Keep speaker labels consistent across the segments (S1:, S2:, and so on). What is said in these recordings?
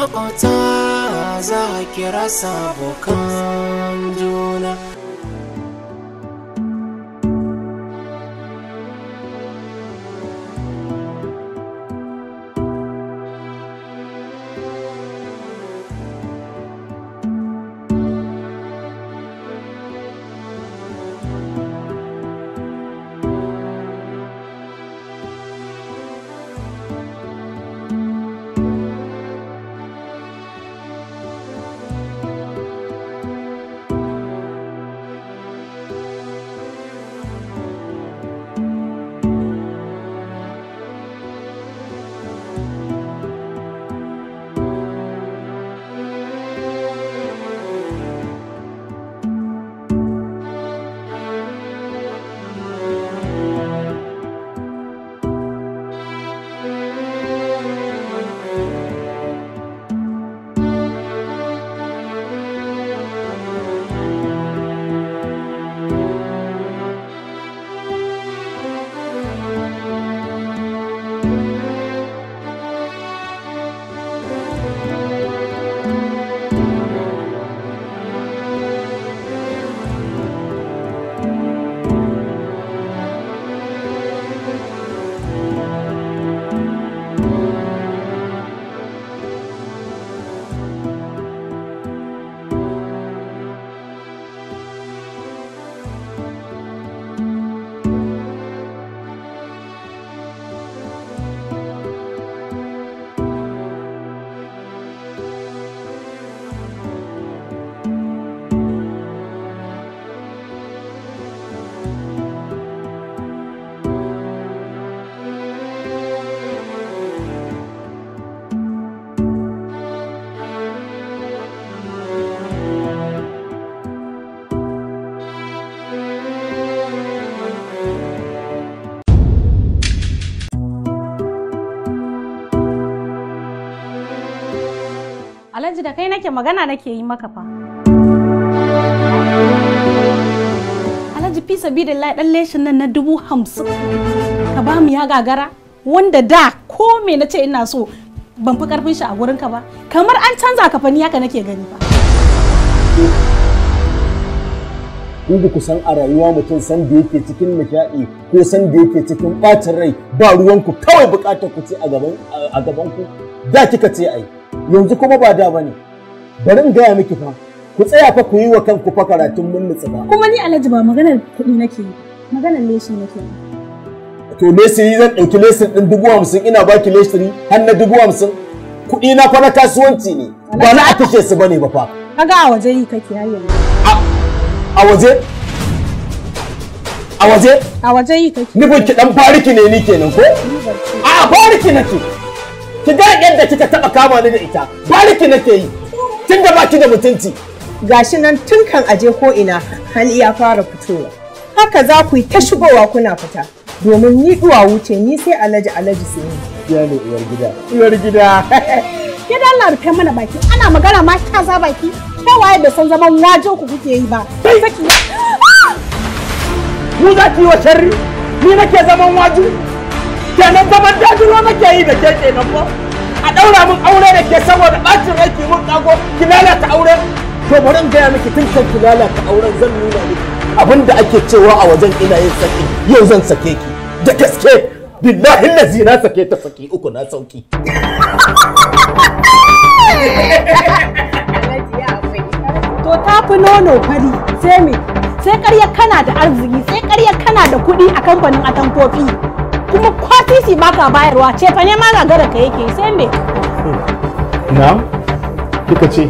S1: maƙota za a kira sabokan juna
S2: ji da kai nake magana nake yi maka fa. Alhaji fi sabidillahi dan leshin nan na dubu hamsin ka ba mu ya gagara wanda da ko me na ce ina so ban fi karfin shi a gurin ka ba kamar an canza ka fani haka nake gani ba. in ku san a rayuwa mutum san da yake cikin nishaɗi ko san da yake cikin ɓacin rai ba ruwanku kawai buƙatar ku ce a gaban ku da kika ce ai yanzu kuma ba da bane bari in gaya miki fa ku tsaya fa ku yi wa kanku fa karatun mun ba kuma ni alhaji ba maganar kuɗi nake yi maganar leshi nake yi to lesiri zan ɗauki lesin ɗin dubu hamsin ina baki lesiri har na dubu hamsin kuɗi na fa na kasuwanci ne ba na a kashe su bane ba fa kaga a waje yi kake har yanzu a waje a waje a waje yi kake nufin ki dan fariki ne ni kenan ko a fariki nake ki ga yadda kika taba kama ni da ita bariki nake yi tun da baki da mutunci gashi nan tun kan aje ko ina hali ya fara fitowa haka za ku yi ta shigowa kuna fita domin ni duwa wuce ni sai alaji alaji sai ni ya ne uwar gida uwar gida gida Allah rufe mana baki ana magana ma kya za baki waye da san zaman wajen ku kuke yi ba ku mu za ki yi wa sharri ni nake zaman waju kenan zaman daji dajiro nake yi da ke kenan ko a daura mun aure da ke saboda bacin rai ki mun kago ki lalata aure to bari in gaya miki tun kan ki lalata auren zan nuna miki abin da ake cewa a wajen ina yin saki yau zan sake ki da gaske billahi lazi na sake ta saki uku na sauki to ta fi nono fari sai me sai karya kana da arziki sai karya kana da kuɗi a kamfanin atamfofi kuma kwatisi ba ka bayarwa ce fa ne ma gara ka yake sai me na kika ce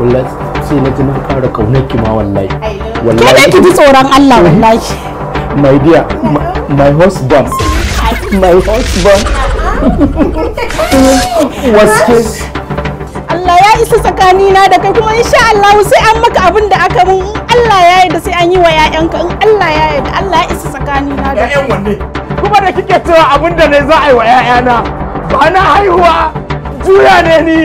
S2: wallahi sai na ji na fara kaunar ki ma wallahi wallahi kada ki ji tsoron Allah wallahi my dear my husband my husband was Allah ya isa tsakanina da kai kuma insha Allah sai an maka abin da aka mun Allah ya yi da sai an yi wa 'ya'yanka in Allah ya yi da Allah ya isa tsakanina da kai kuma da kike cewa abin da ne za a yi wa 'ya'yana ba na haihuwa juya ne ni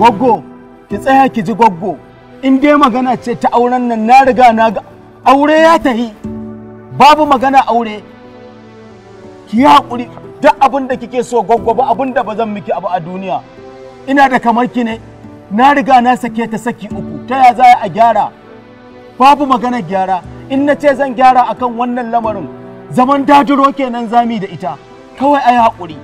S2: Gwaggo, ki tsaya ki ji gwaggo, in dai magana ce ta auren nan na riga na ga aure ya tahi, babu magana aure, ki yi haƙuri duk abin da kike so gwaggo ba abin da ba zan miki abu a duniya, ina da kamar ki ne. na riga na sake ta saki uku ta ya za a gyara babu magana gyara in na ce zan gyara akan wannan lamarin zaman dajiro kenan zami da ita kawai ai hakuri.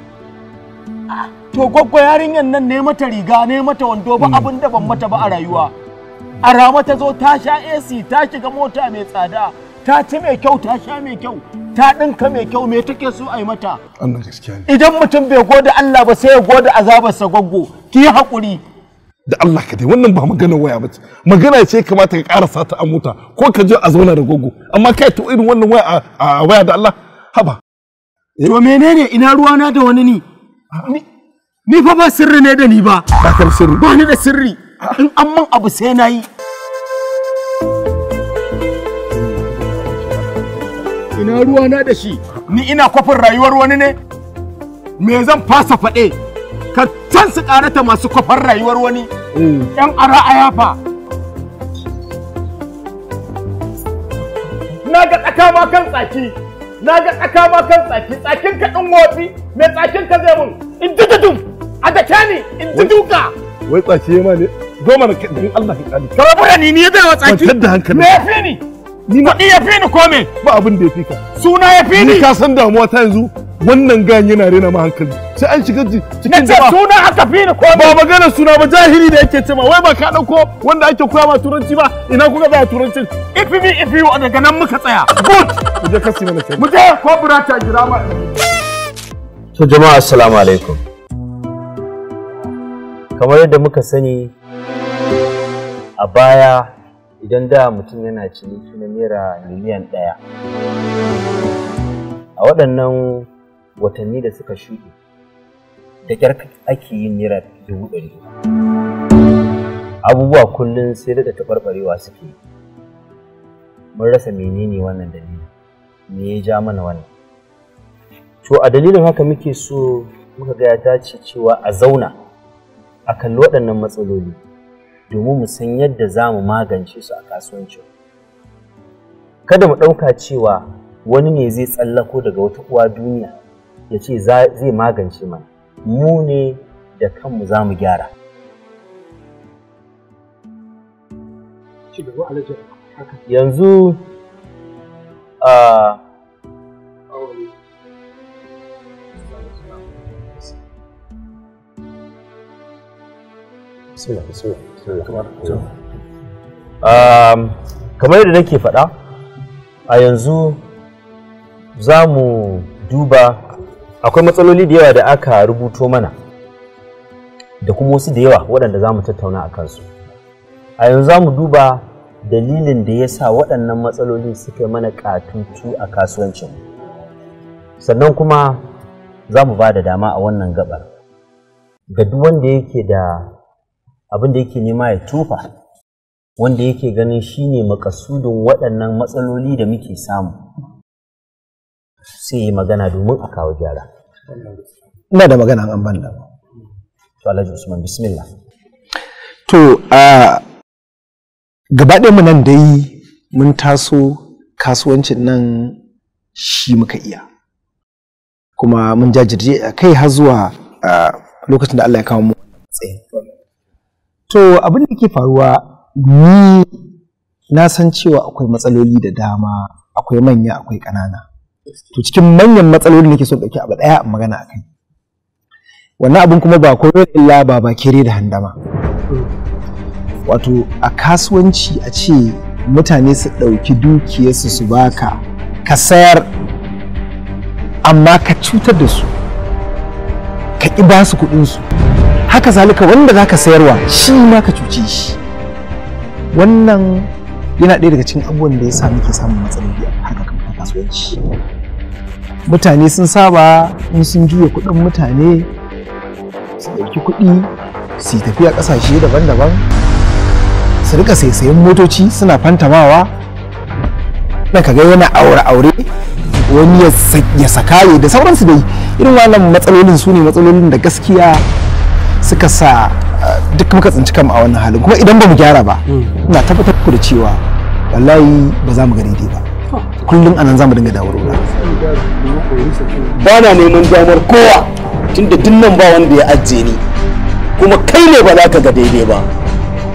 S2: to gwaggwa yarinyar nan ne mata riga ne mata wando ba hmm. abin da ban mata ba a rayuwa a rama ta zo ta sha AC ta shiga mota mai tsada ta ci mai kyau ta sha mai kyau ta ɗinka mai kyau me take so a yi mata idan mutum bai gode Allah ba sai ya gode azabarsa gwaggo ki yi hakuri. da Allah ka dai wannan ba magana waya ba ce magana ce kamata ka karasa ta an muta ko ka je a zauna da gogo amma kai to irin wannan waya a waya da Allah haba to menene ina ruwa na da wani ni ni fa ba sirri ne da ni ba ba kar sirri ba ni da sirri in amman abu sai nayi ina ruwa na da shi ni ina kwafin rayuwar wani ne me zan fasa faɗe ka can su karata masu kwafar rayuwar wani mm. yan ara a yafa na ga tsaka ma kan tsaki na ga tsaka ma kan tsaki tsakin ka ɗin wofi mai tsakin ka zai mun in dudu, a da ni in duka. wai tsaki ma ne goma na kadin Allah ka kani ka bura ni ni wa tsaki ban da hankali me fi ni ni ma ya fi ni ko me ba abin da ya fi ka suna ya yafi ni ka san damuwa ta yanzu wannan gayan yana rena ma hankali sai an shiga cikin jama'a suna aka fi ni ko ba magana suna ba jahili da yake cewa wai ba ka dauko wanda ake koya ma turanci ba ina kuka ba turanci if me if you daga nan muka tsaya good mu je kasi mana sai mu je ko ta jira ma
S1: to jama'a assalamu alaikum kamar yadda muka sani a baya idan da mutum yana ciniki na naira miliyan ɗaya a waɗannan watanni da suka shuɗe da kyar ake yin nira dubu ɗari abubuwa kullum sai da taɓarɓarewa suke mun rasa menene wannan dalilin, me ya ja mana wannan to a dalilin haka muke so muka ga ya dace cewa a zauna a kalli waɗannan matsaloli domin mu san yadda za mu magance su a kasuwanci. kada mu ɗauka cewa wani ne zai tsallako daga wata uwa duniya ya ce zai magance mana mu ne da kanmu za mu gyara yanzu a kamar yadda nake faɗa a yanzu za mu duba akwai matsaloli da yawa da aka rubuto mana da kuma wasu da yawa waɗanda za mu tattauna a kansu a yanzu za mu duba dalilin da ya sa waɗannan matsaloli suka yi mana katutu a kasuwancin sannan kuma za mu ba da dama a wannan gabar ga duk wanda yake da abin da yake nema ya tufa wanda yake ganin shi ne makasudin waɗannan matsaloli da muke samu sai yi magana domin a kawo gyara ina da magana an ban da to Alhaji Usman bismillah
S2: to a gaba mu nan dai mun taso kasuwancin nan shi muka iya kuma mun jajirje a kai har zuwa lokacin da Allah ya kawo mu to abin da ke faruwa ni na san cewa akwai matsaloli da dama akwai manya akwai ƙanana to cikin manyan matsaloli ke son ɗauki abu ɗaya magana akai wannan abun kuma ba ko illa ba ba kere da handama wato a kasuwanci a ce mutane su ɗauki dukiyarsu su baka ka sayar amma ka cutar da su ka ki ba su kuɗinsu haka zalika wanda za ka sayarwa shi ma ka cuce shi wannan yana ɗaya daga cikin abubuwan da ya sa muke samun matsaloli a harkar kasuwanci mutane sun saba in sun juya kudin mutane su ɗauki kuɗi su tafiya kasashe daban-daban su rika saisayen motoci suna fantamawa na kaga yana aure-aure wani ya sakaye da sauransu dai irin wannan matsalolin su ne matsalolin da gaskiya suka sa ah, duk muka tsinci kama a wannan halin kuma idan ba mu gyara ba hmm. ina tabbatar ku da cewa wallahi ba za mu ga daidai ba
S3: hmm.
S2: kullum anan za mu dinga dawo ba na neman damar kowa tunda dinnan ba wanda ya ajiye ni kuma kai ne ba za ka ga daidai ba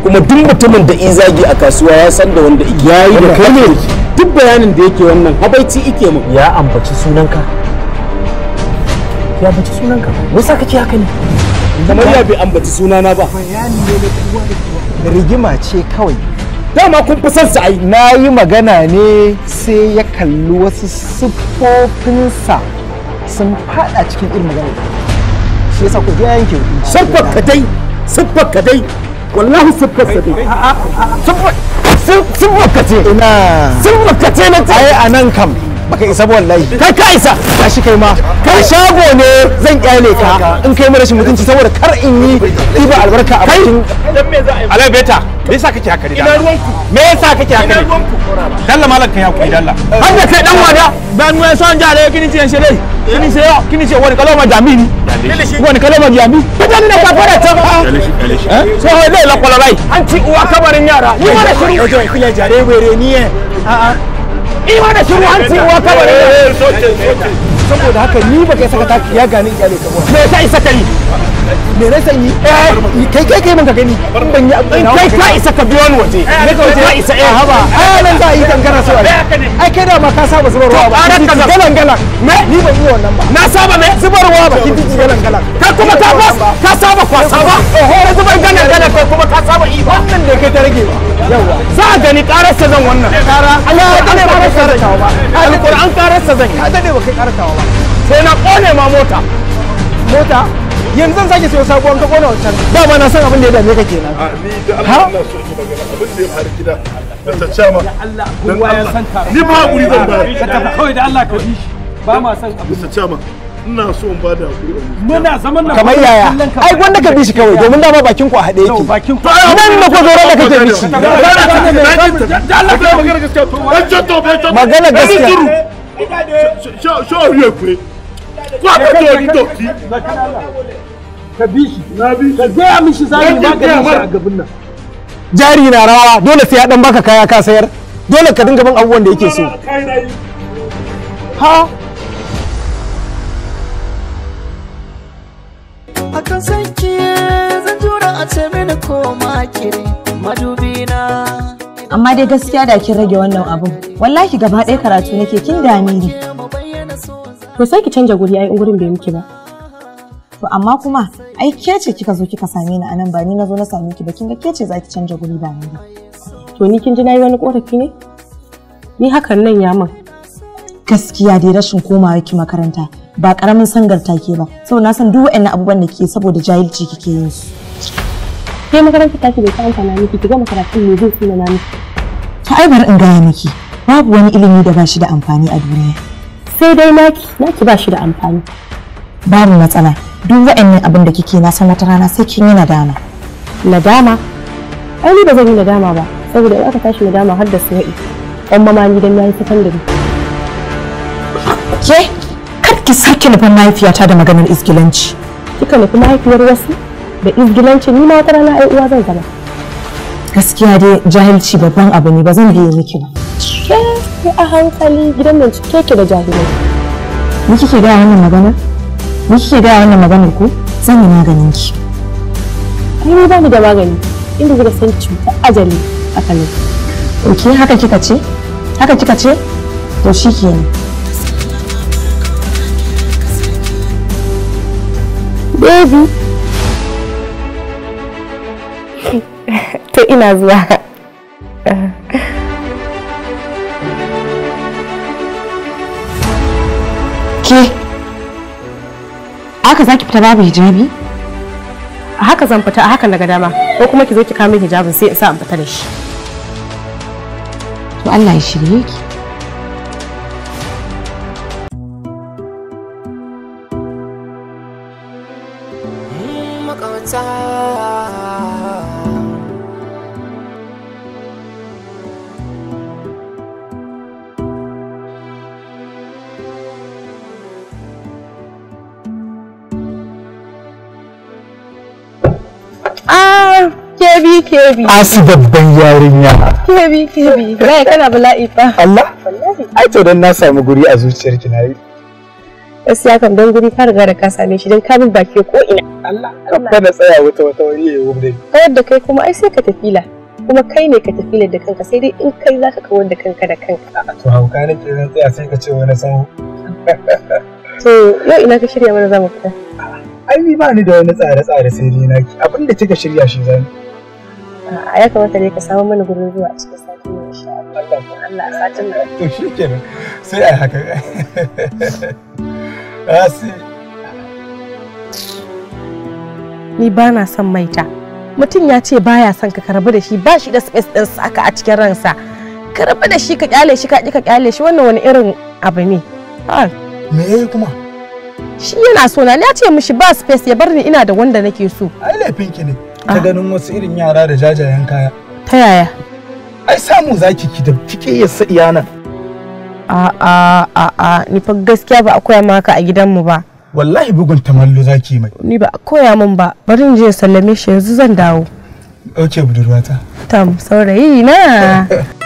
S2: kuma duk mutumin da izagi a kasuwa ya san da wanda ya yi da kai ne duk bayanin da yake wannan habaici ike mu ya ambaci sunanka ya ambaci sunanka saka kace haka ne kamar ya bai ambaci sunana ba bayani ne na kowa da rigima ce kawai dama kun fi son sa na yi magana ne sai ya kalli wasu siffofinsa sun fada cikin irin magana shi yasa ku ya yanke hukunci siffar ka dai siffar ka dai wallahi siffar ka dai siffar ka ce ina siffar ka ce na ta a nan kam baka isa ba wallahi kai ka isa ka shi kai ma kai shago ne zan kyale ka in kai mu rashin mutunci saboda kar in yi ɗiba albarka a cikin dan me alabeta me yasa kake haka ina ruwanku me yasa kake haka ina ruwanku dalla malam kai hakuri dalla eh. har da kai dan wada ban wani son jare kini ce shere eh. kini ce yo kini ce wani kaloma jami ni wani kaloma jami ko dan na kafara ta so ho dai la kola bai an ci uwa kabarin yara ni ma da shiru ojo kile jare were ni eh a a ni ma da shiru an ci uwa kabarin yara eh, saboda haka ni baka saka taki ya gani iyale ka ba me ta isa kali me na sanyi eh, kai kai kai mun ka gani ban kai ka isa ka biyo ni waje eh, ne ka waje isa eh haba ai eh, nan za a yi kankara so ai kai da ma ka saba zubarwa ba ƙarar ka galan galan me ni ban yi wannan ba na saba me zubarwa ba kin ji galan galan ka kuma ka fas ka saba kwasa zubar galan galan kuma ka saba yi wannan da kai ta rage ba yawa za a gani ƙarar sa zan wannan ƙara Allah ya dade ba kai ƙarar tawa ba sa zan ka dade ba kai ƙarar tawa ba sai na kone ma mota mota yanzu zan sake siyo sabuwan ka kona wancan ba ma na san abin da ya dame ka kenan a ni da Allah Allah so ki magana abin da ya faru gida da ta cama Allah ni ba hakuri zan ba ka tafi kawai da Allah ka yi shi ba ma san abin da ta cama ina so in bada hakuri muna zaman nan kamar yaya ai wanda ka bi shi kawai domin dama bakin ku a haɗe yake bakin ku nan na ko zoro da kake bi shi magana gaskiya magana gaskiya magana gaskiya sha sha kure ko a fito wani doki ka bi ka gaya mishi zai ba ka gaban nan jari na rawa dole sai ya dan baka kaya ka sayar dole ka dinga bin abubuwan da yake so
S1: ha akan sanki zan jura a ce mini ko makiri madubi na
S2: amma dai gaskiya da kin rage wannan abun wallahi gaba ɗaya karatu nake kin dame ni to sai ki canja guri ai ungurin gurin bai miki ba to amma kuma ai ke ce kika zo kika same ni anan ba ni nazo na same ki ba kin ga ke ce zaki canja guri ba ni to ni kin ji nayi wani korafi ne ni hakan nan ya min gaskiya dai rashin komawa ki makaranta ba karamin sangarta ke ba so na san duk waɗannan abubuwan da ke saboda jahilci kike yin su ke makaranta ta ki bai ta amfana miki ki ga makaratun ne zai na miki ta ai bar in gaya miki babu wani ilimi da ba shi da amfani a duniya sai dai naki naki ba shi da amfani babu matsala duk wa'annan abin da kike na san wata rana sai kin yi nadama nadama ai ni ba zan yi nadama ba saboda in aka tashi nadama har da yi an mama ni dan yayi ni ke kar ki sake nufin mahaifiyata da maganar izgilanci kika nufi mahaifiyar wasu da izgilanci ni ma wata rana ai uwa zan zama gaskiya dai jahilci babban abu ne ba zan biye miki ba ke a hankali gidan nan cike ke da jahilai ni kike ga wannan magana ni kike ga wannan magana ku zan yi
S3: maganin ki
S2: ai ni ba ni da magani inda kika san cuta ajali a kano ok haka kika ce haka kika ce to shikenan baby to ina zuwa ke haka zaki fita babu hijabi a haka zan fita a haka daga dama ko kuma ki zo ki kama hijabin sai in sa in fita da shi
S1: to Allah ya shirye ki
S2: kebi asu babban yarinya kebi kebi bai kana bala'i fa Allah ai to dan na samu guri a zuciyar ki nayi gaskiya kan dan guri ka riga da ka same shi dan ka bi baki ko ina Allah ka na tsaya wata wata wani yayi wuri kawar da kai kuma ai sai ka tafila kuma kai ne ka tafi da kanka sai dai in kai zaka kawar da kanka da kanka to hauka ke zan tsaya sai ka ce wani sahu to yau ina ka shirya mana zamu fita ai ba ni da wani tsare-tsare sai dai naki abinda kika shirya shi zan
S1: a ya kamata ka samu mana gurin zuwa a cikin sati ne insha Allah a satin nan
S2: to shikenan sai haka asi ah, ni ba na son maita mutum ya ce baya son ka karbi da shi ba shi da space din saka a cikin ransa ka rabu da shi ka kyale shi ka ki ka kyale shi wannan wani irin abu ne me yayi kuma shi yana so na ya ce mishi ba space ya bar ni ina da wanda nake so ai laifin ki ne ta ah. ganin wasu irin yara da jajayen kaya ta yaya ai samu zaki ki da kike ya sa iyana a a a a ni fa gaskiya ba a koya maka a gidanmu ba wallahi bugun tamallo zaki mai ni ba a koya min ba bari in je sallame shi yanzu zan dawo ok budurwata tam saurayi na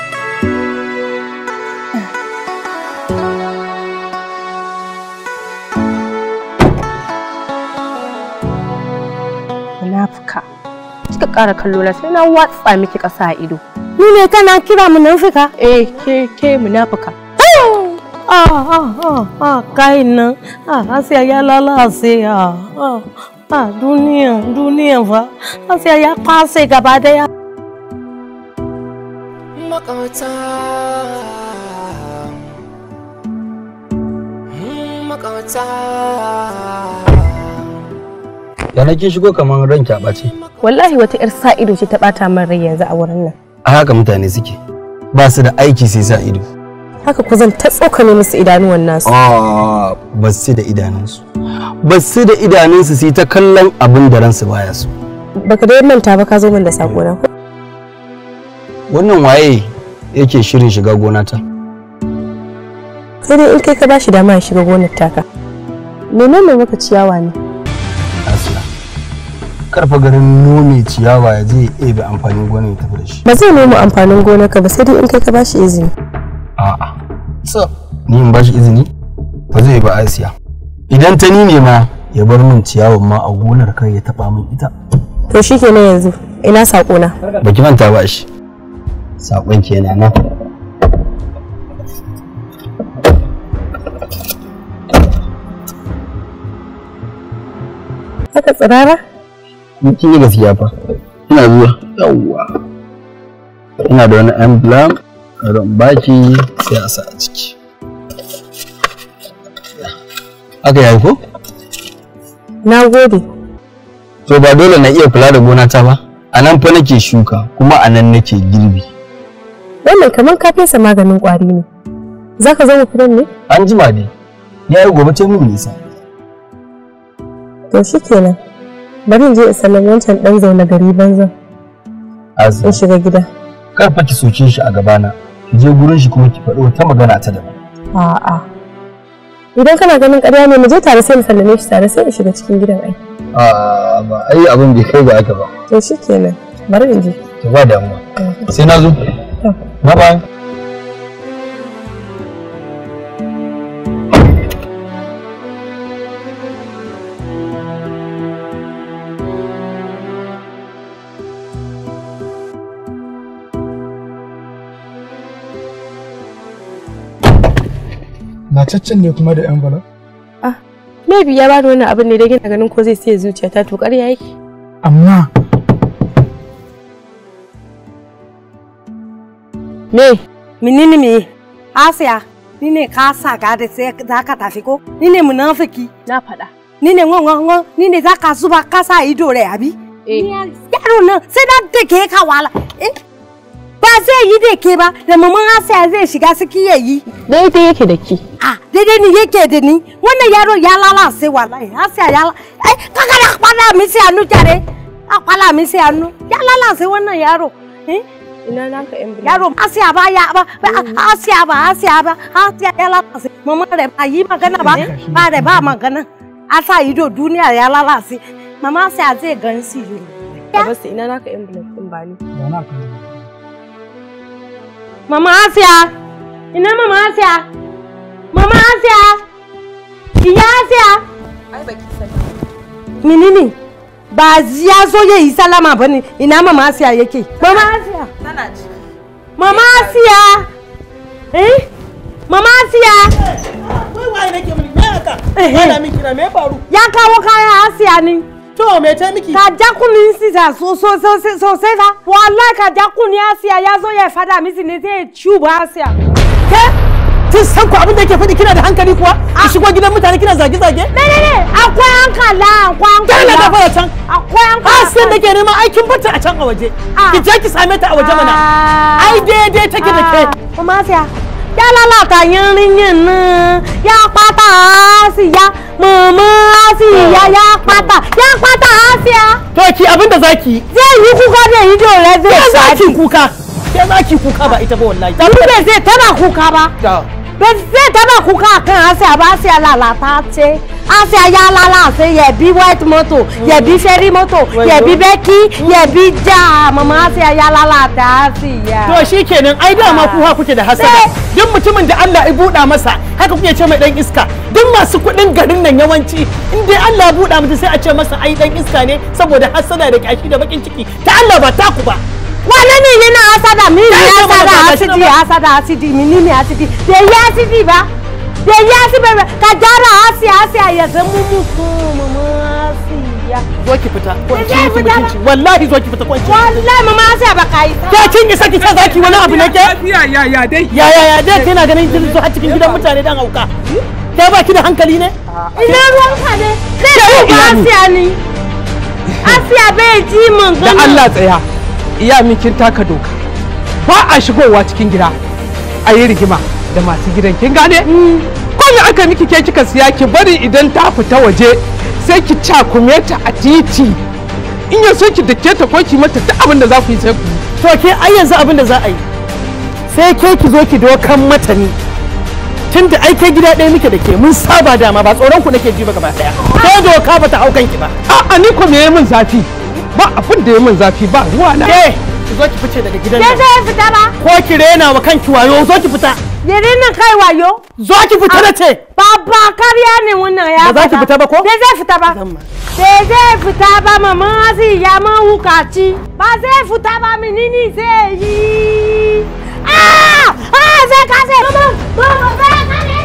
S2: ta ƙara kallo na sai na watsa miki ƙasa a ido. Ni ne kana kira munafuka? Eh ke ke munafuka. Ah ah ah ah, ah kai nan ah, ah sai ya lalace ah ah duniya duniya fa ah, sai ya kwase gaba da daya.
S3: Makata
S1: hmm, Makata da na kin shigo kamar ranki a ɓace.
S2: Wallahi wata 'yar sa ido ce ta ɓata min rai yanzu a wurin nan.
S1: A haka mutane suke ba su da aiki sai sa ido.
S2: Haka ku zan ta tsokane musu idanuwan nasu.
S1: Ah, ba su da idanunsu. Ba su da idanunsu sai ta kallon abin da ransu baya su.
S2: Baka dai manta ba ka zo min da sako na.
S1: Wannan waye yake shirin shiga gona ta?
S2: Sai dai in kai ka bashi dama ya shiga gonar taka. Menene maka ciyawa ne?
S1: karfa garin nome ciyawa ya je ya ebe amfanin gona ya tafi da shi ba zai nemi amfanin gona ka ba sai dai in kai ka shi izini a'a so ni in ba shi izini ba zai ba asiya idan ta ni ne ma ya bar min ciyawa, ma a gonar kai ya taba min ita to shi na yanzu ina sako na baki manta ba shi sakon kenan nan
S3: haka tsirara
S1: mutum ya gaskiya fa ina zuwa yawwa ina da wani emblem don baki sai a sa a ciki aka yi ko na gode to ba dole na iya kula da gonata ba a nan fa nake shuka kuma a nan nake girbi wannan kamar ka fesa maganin kwari ne za ka zama fidan ne an jima ne ya yi gobe ce mun nisa to shikenan bari je in sallami wancan dan zaune gari banza, in shiga gida kar fa ki soke shi a gabana ki je gurin shi kuma ki faɗo ta magana ta daban a'a idan kana ganin ƙarya ne mu je tare sai mu sallame shi tare sai in shiga cikin gidan ai a'a ba ai abin bai kai ga haka ba to shikenan bari in je to ba damuwa sai na zo bye bye
S2: Mataccen ne kuma da yan bala? Ah, maybe ya bada wannan abin ne da gina ganin ko zai siya ta to ƙarya yake. Amma Me? Menene me? Asiya, ni ne ka sa ga da sai za ka tafi ko? Ni ne munafiki. Na faɗa. Ni ne wan wan wan, ni ne za ka zuba ka sa ido rai abi? Eh. Yaro nan sai na dake ka wala. Eh. zai yi da ke ba da maman asaya zai shiga suki ya yi. Daidai yake da ki. A ah, daidai ni yake da ni wannan yaro ya lalace wallahi asaya ya ai eh, kaga da kwala mi sai hannu tare a kwala mi sai hannu ya lalace wannan yaro. Eh? Ina na ka yan Yaro asaya ba ya ba asaya ba oh. asaya ba Asiya ya lalace maman da ba yi magana ba eh? ba da ba magana. Asa yi do duniya ya lalace mama asaya zai gan su yi. Abasa ina na ka yan din ba ni. Ba na ka. Mama Asia! Ina Mama Asia! Mama Asia! Iya Asia! Ai Menene? Ba ya zo ya yi salama ba ne. Ina Mama Asia yake? Mama Asia! ji. Mama Asia! Eh? Mama Asia! Wai waye nake mini? Me haka? Ana min kira me faru? Ya kawo kaya Asiya ne. To me ta miki? Ka ja kunin sisa sosai sosai fa. Wallahi ka ja ni Asiya ya zo ya fada misi ne ba cuba Asiya. Ke? Kin san ku abin da yake fadi kina da hankali kuwa? Ki ah. shigo gidan mutane kina zage zage? Ne ne ne, akwai hankala, akwai hankala. Kana da fara can. Akwai hankala. Asiyan ah, da ke nema aikin bata a can a waje. Ah. Ki je ki same ta a waje mana. Ai daidai take da ke. Kuma Asiya, yálálàkà yánríyàn náà yá pátá á sì yá mọ̀mọ́ ya sì si ya ya pata ya pata si ya to ki abin da zaki zai yi kuka da ido ya zai zaki kuka ke zaki kuka ba ita ba wallahi ta bai zai tana kuka ba zai taba kuka kan a sai a ba sai alala ta ce a ya alala sai ya bi white moto ya bi ferry moto ya bi beki ya bi ja mama sai a ya alala ta si ya to shikenan ai dama ah. ku kuke da hasada eh. duk mutumin da Allah ya buɗa masa haka kuke ce mai dan iska duk masu kuɗin garin nan yawanci in dai Allah buɗe buɗa mutum sai a ce masa ai dan iska ne saboda hasada da kyashi da bakin ciki ta Allah ba taku ba wane ne na asada mi ne asada asidi asada asidi mi ni mi asidi da yi asidi ba da yi asidi ba ka jara asi asi a yanzu mu mu mama asiya zo ki fita ko ki yi mutunci wallahi zo ki fita ko ki wallahi mama asiya ba kai yi saki ce zaki kina ganin kin zo a gidan mutane ba ki da hankali ne ne asiya bai ji da Allah tsaya iya min kin taka doka ba a shigowa cikin gida a yi rigima da masu gidan kin gane mm. ko me aka miki ke kika siya ki bari idan ta fita waje sai ki cakume ta a titi in ya so ki dake ta ko ki mata duk abin da za ku yi sai ku to ke ai yanzu abin da za a yi sai ke ki zo ki dokan mata ni tun da ai ke gida ɗaya muke da ke mun saba dama ba tsoron ku nake ji ba gaba ɗaya ko doka ba ta haukan ki ba a'a ni ko me mun zafi ba abin da ya min zafi ba ruwa na ke ki zo ki fice daga gidan nan ke zai fita ba ko ki rena wa kanki wayo zo ki fita yare nan kai wayo zo ki fita da ah, ce baba kariya ne wannan ya ba za ki fita ba ko ke zai fita ba ke zai fita ba mama zai ya ma ci. ba zai fita ba minini zai yi ah ah zai ka zai mama mama ka ne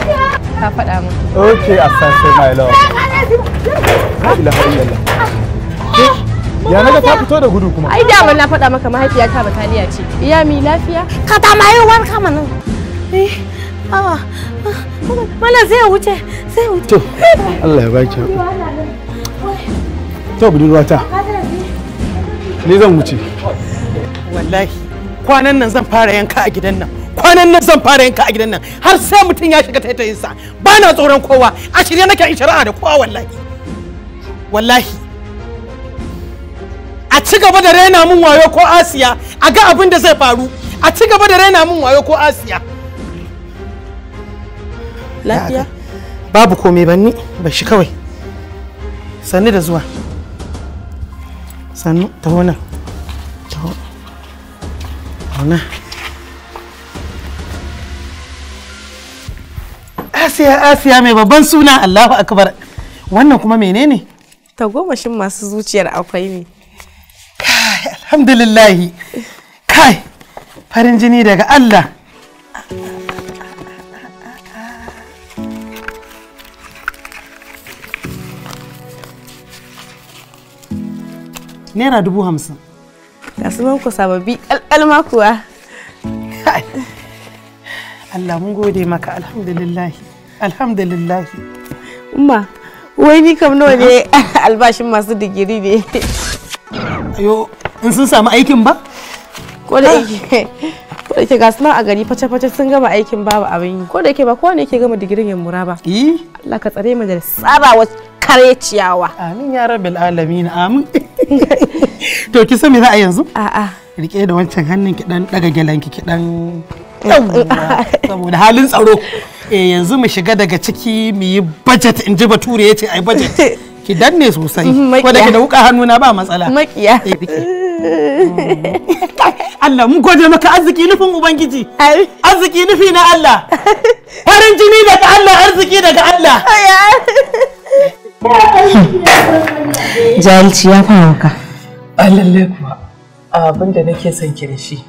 S2: ka faɗa mu okay assassin my love la ilaha ya naga ta fito da gudu kuma ai da na faɗa maka mahaifiya ta bataliya ce iya mi lafiya ka ta mai war kama nan eh awa mana zai wuce zai wuce to Allah ya baki to ta ni zan wuce wallahi kwanan nan zan fara yanka a gidan nan kwanan nan zan fara yanka a gidan nan har sai mutum ya shiga taitayinsa ba na tsoron kowa a shirye nake in shari'a da kowa wallahi wallahi a ci gaba da raina mun wayo ko asiya a ga abin da zai faru a ci gaba da raina mun wayo ko asiya lafiya babu komai banni ba shi kawai sannu da zuwa sannu ta nan taho asiya asiya mai babban suna allahu akbar wannan kuma menene tagomashin masu zuciyar akwai ne alhamdulillahi kai farin jini daga Allah Naira dubu hamsin. Gasunan ku sababi alƙalma kuwa. Allah mun gode maka alhamdulillahi alhamdulillahi. Umma, wai ni kam nawa ne albashin masu digiri ne. Ayo, in sun samu aikin ba ko da yake ko da yake ga suna a gari face face sun gama aikin babu abin yi ko da yake ba ko ne yake gama digirin ya mura ba eh Allah ka tsare mu da sabawa kare ciyawa amin ya rabbil alamin amin to ki san me za a yanzu a'a rike da wancan hannun ki dan daga gelanki ki dan saboda halin tsaro eh yanzu mu shiga daga ciki mu yi budget in ji bature yace ai budget ki danne sosai ko da ki da wuka hannuna ba matsala makiya Allah mun gode maka arziki nufin ubangiji arziki nufi na Allah farin jini daga Allah arziki daga Allah
S3: jalci ya
S2: fara ka a kuwa abin da nake son ki da shi